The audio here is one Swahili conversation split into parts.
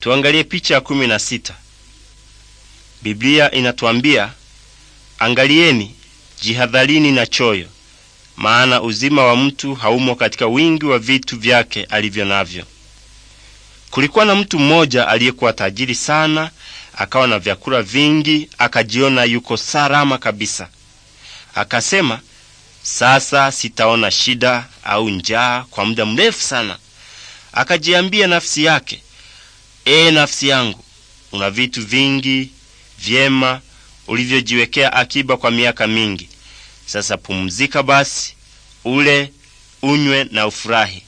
Tuangalie picha ya kumi na sita. Biblia inatuambia angalieni, jihadharini na choyo, maana uzima wa mtu haumo katika wingi wa vitu vyake alivyo navyo. Kulikuwa na mtu mmoja aliyekuwa tajiri sana, akawa na vyakula vingi, akajiona yuko salama kabisa. Akasema, sasa sitaona shida au njaa kwa muda mrefu sana. Akajiambia nafsi yake e nafsi yangu, una vitu vingi vyema ulivyojiwekea akiba kwa miaka mingi. Sasa pumzika basi, ule, unywe na ufurahi.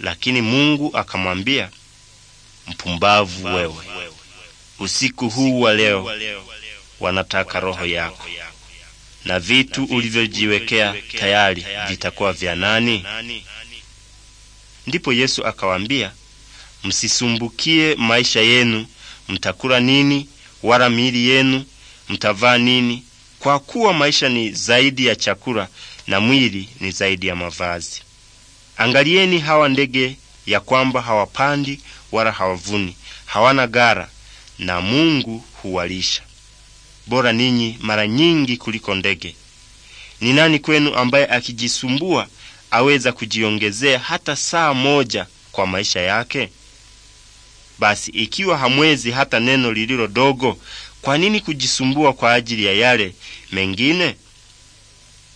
Lakini Mungu akamwambia, mpumbavu wewe, usiku huu wa leo wanataka roho yako, na vitu ulivyojiwekea tayari vitakuwa vya nani? Ndipo Yesu akawaambia msisumbukie maisha yenu, mtakula nini, wala miili yenu mtavaa nini, kwa kuwa maisha ni zaidi ya chakula na mwili ni zaidi ya mavazi. Angalieni hawa ndege, ya kwamba hawapandi wala hawavuni, hawana gara, na Mungu huwalisha. Bora ninyi mara nyingi kuliko ndege. Ni nani kwenu ambaye akijisumbua aweza kujiongezea hata saa moja kwa maisha yake? Basi ikiwa hamwezi hata neno lililo dogo, kwa nini kujisumbua kwa ajili ya yale mengine?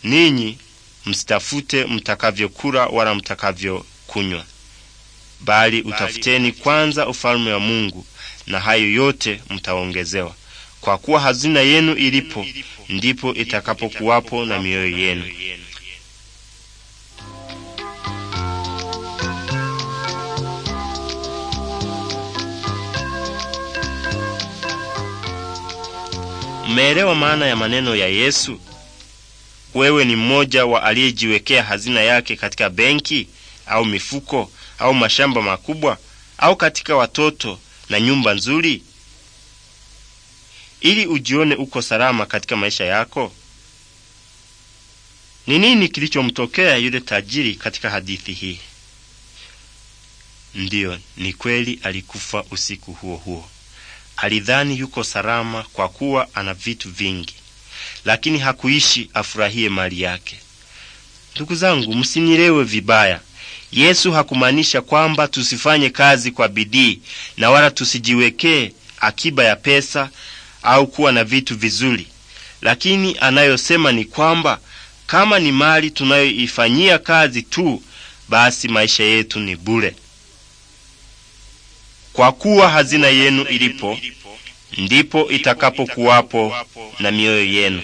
Ninyi msitafute mtakavyokula wala mtakavyokunywa, bali utafuteni kwanza ufalme wa Mungu, na hayo yote mtaongezewa. Kwa kuwa hazina yenu ilipo, ndipo itakapokuwapo na mioyo yenu. Umeelewa maana ya maneno ya Yesu? Wewe ni mmoja wa aliyejiwekea hazina yake katika benki au mifuko au mashamba makubwa au katika watoto na nyumba nzuri? Ili ujione uko salama katika maisha yako, ni nini kilichomtokea yule tajiri katika hadithi hii? Ndiyo, ni kweli alikufa usiku huo huo. Alidhani yuko salama kwa kuwa ana vitu vingi, lakini hakuishi afurahie mali yake. Ndugu zangu, msinielewe vibaya. Yesu hakumaanisha kwamba tusifanye kazi kwa bidii na wala tusijiwekee akiba ya pesa au kuwa na vitu vizuri, lakini anayosema ni kwamba kama ni mali tunayoifanyia kazi tu, basi maisha yetu ni bure. Kwa kuwa hazina yenu ilipo, ndipo itakapokuwapo na mioyo yenu.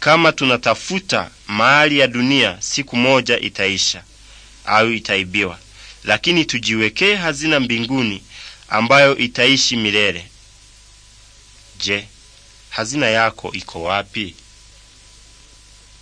Kama tunatafuta mali ya dunia, siku moja itaisha au itaibiwa, lakini tujiwekee hazina mbinguni, ambayo itaishi milele. Je, hazina yako iko wapi?